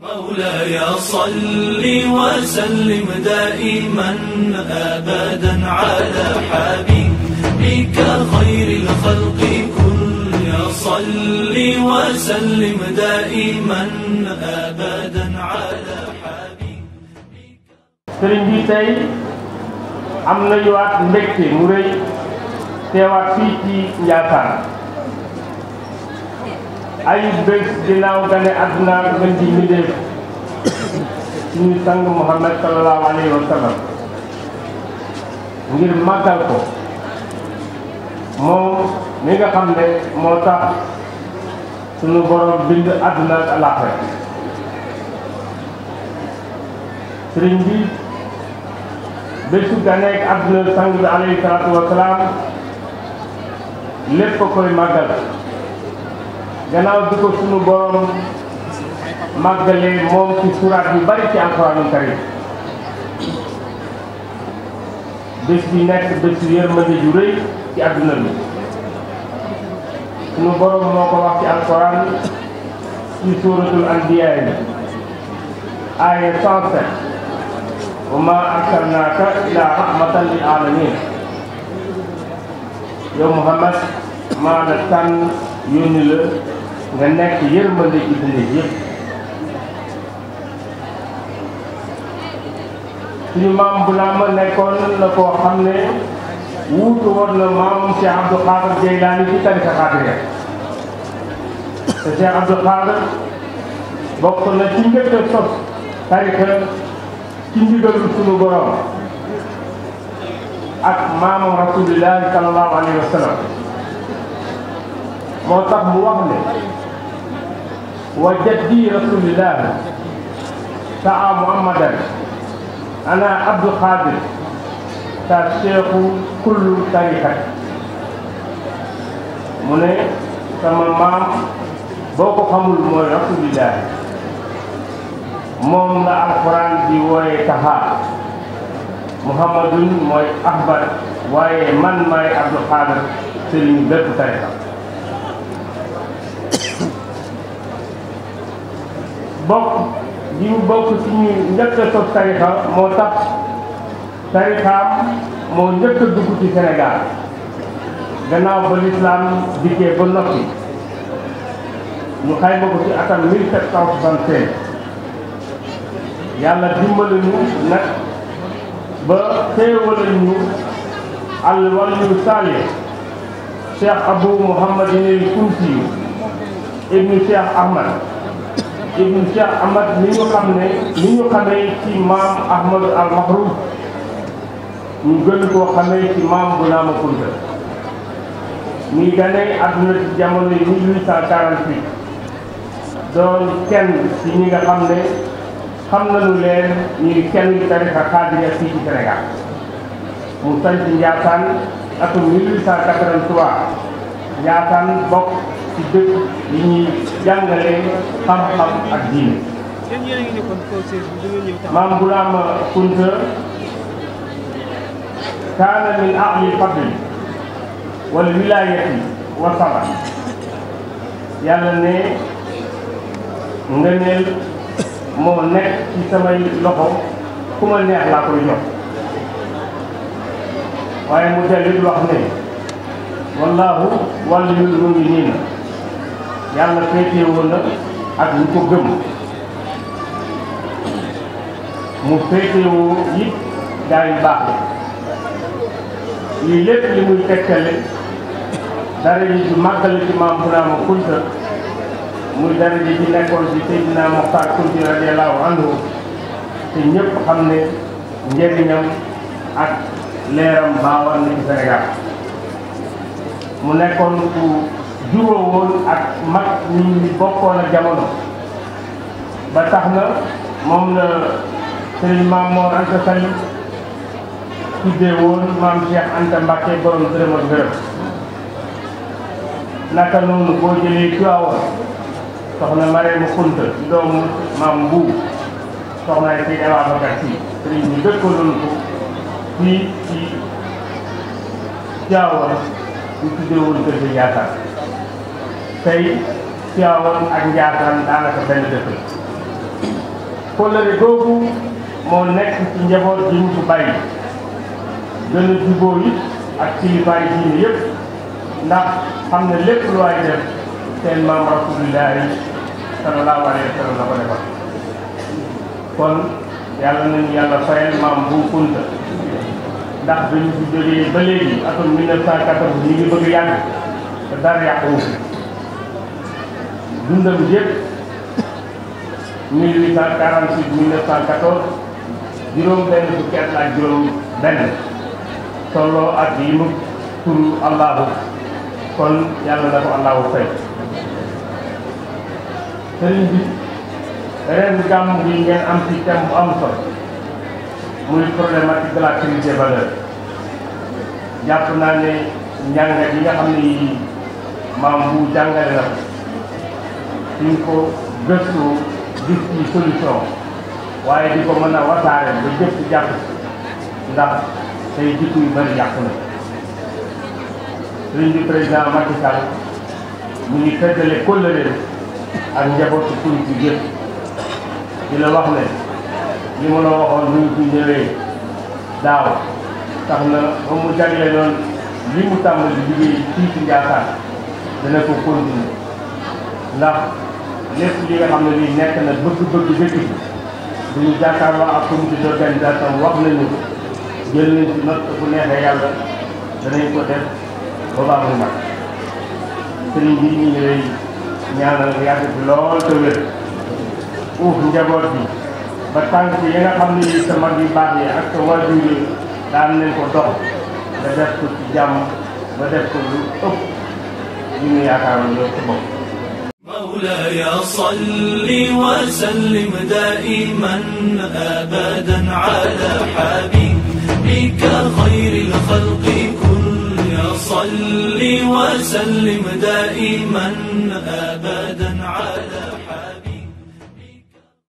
مولاي صل وسلم دائما ابدا على حبيبك خير الخلق كل صل وسلم دائما ابدا على حبيبك sëriñ bi tey am na yowaat mbégte mu rëy teewaat ay bés ginnaaw gane àdduna ak gën di mbindéef suñu sang Muhammad sallallahu alayhi wa sallam ngir màggal ko moom mi nga xam ne moo tax suñu borom bind àdduna ak àllaaxira sëriñ bi bésu ganeek àdduna sang bi alayhi salaatu wa salaam lépp koy màggal ganaw diko sunu borom magale mom ci surat yu bari ci alcorane karim bés bi nek nekk bésu yërmande ju rëy ci aduna bi sunu borom moko wax ci alcorane ci suratul anbiya ayat 7 107 wa ma ila rahmatan lil alamin yow Muhammad ma la tànn yónni la nga nekk yërmande ci dund yëpp suñu maam bu ma nekkoon la koo xam ne wuutu woon na maam Cheikh Abdou Khadir Jeylaani ci tariqa Xaadiriya te Cheikh Abdou Khadir bokk na ci njëkk a sos tariqa ci ndigalu suñu borom ak maamam rasulillahi alayhi wa moo tax mu wax ne wa jaddi rasulillah taa muhammadan ana abdou xaadir ta cheikhu kullu tarikat mu ne sama maam boo ko xamul mooy rasulillah moom la alquran di wooye taha muhammadun mooy ahmad waaye man maay abdou xaadir sëriñ bépp tarikat bokk di mu bokk ci ñuy njëkk a sos moo tax tarixaam moo njëkk dugg ci Sénégal gannaaw ba lislaam dikkee ba noppi ñu xayma ko ci atam yàlla dimbali ñu nag ba xéewala ñu àll wala ñu saalee Cheikh Abou Mouhamadinil Kounti ibnu Cheikh Ahmad ibn Cheikh Ahmad ni ñu xam ne ni ñu xamee ci maam Ahmad al Mahrum ñu gën koo xamee ci maam Bounama Kounta muy ganee àdduna ci jamono yi 1848 doon kenn ci ñi nga xam ne xam nañu leen ñuy kenn tarixa xaadiriya fii ci Sénégal mu sanc Njaasaan atum 1883 Njaasaan bokk ci yi ñuy jàngale xam-xam ak diine. maam Gulaam Kunta kaana min ahli fadli wal wilaayati wa yàlla ne ngëneel moo nekk ci samay loxo ku ma neex laa koy jox waaye mu dellit wax ne wallaahu waliyul mu'miniina yàlla féetewoon na ak ñu ko gëm mu féetewoo it gaa yu baax la lii lépp li muy tekkale dara ji ci màggal ci maam Bunaama Kunta muy dara ji ci nekkoon ci Seydina Moxtaar Kunti radiyallaahu anhu te ñëpp xam ne njëriñam ak leeram baawan na ci Sénégal mu nekkoon ku juróo woon ak mag ñi bokkoon a jamono ba tax na moom la sëriñ maam Mor Anta Sali tuddee woon maam Cheikh Anta Mbacke borom gërëm ak gërëm naka noonu boo jëlee Tiwaawan soxna Marème Kunta doomu maam Mbuub soxna yi Seydi Ababacar Si sëriñ ñu dëkkaloon ko fii ci Tiwaawan ñu tuddee woon kër gi tey Tiwaawan ak Njaasaan daanaka benn dëkk la kóllëre moo nekk ci njaboot gi mu fi bàyyi gën a jubóo yi ak kilifaay diine yëpp ndax xam ne lépp lu waay def seen maam rasulillahi sallallahu alayhi wa sallam ko defal kon yàlla nañu yàlla fayal maam bu kunta ndax bi ñu fi jógee ba léegi atum 1914 ñu ngi bëgg yàgg te dara yàquwu dundam yëpp 1848 1914 juróom benn fukki at ak juróom benn tolloo ak yi mu turu allahu kon yàlla na ko allahu fay sëriñ bi ren gàmm gi ngeen am ci thème bu am solo muy problématique de la crise des valeurs jàpp naa ne njàngat yi nga ne yi maam bu jàngale na ko ñu ngi ko gëstu gis ci solution waaye di ko mën a wasaare ba jëpp jàpp ndax say jikko yu bëri yàqu na sëriñ bi président Macky mu ngi feddale kóllëre ak njabootu politique yëpp di la wax ne li ma la waxoon nu ñu fi ñëwee daaw tax na ba mu jaglee noonu li mu tàmbali liggéey fii ci Ndiassane dana ko continuer ndax lépp li nga xam ne nii nekk na bëgg-bëgg dëkk bi bu ñu jàkkaarloo ak comité d'organisation wax nañu ko jël nañ ci note bu neexee yàlla danañ ko def ba baax mu mag sëriñ bi ñu ngi lay ñaanal yàgg bi lool te wér uuf njaboot bi ba tànk yi nga xam ne nii sa mag yu baax yi ak sa waajur yi daan nañ ko dox nga def ko ci jàmm ba def ko lu ëpp ñu ngi yaakaaroon yow sa bopp مولاي صل وسلم دائما أبدا على حبيبك خير الخلق كل يا صل وسلم دائما أبدا على حبيبك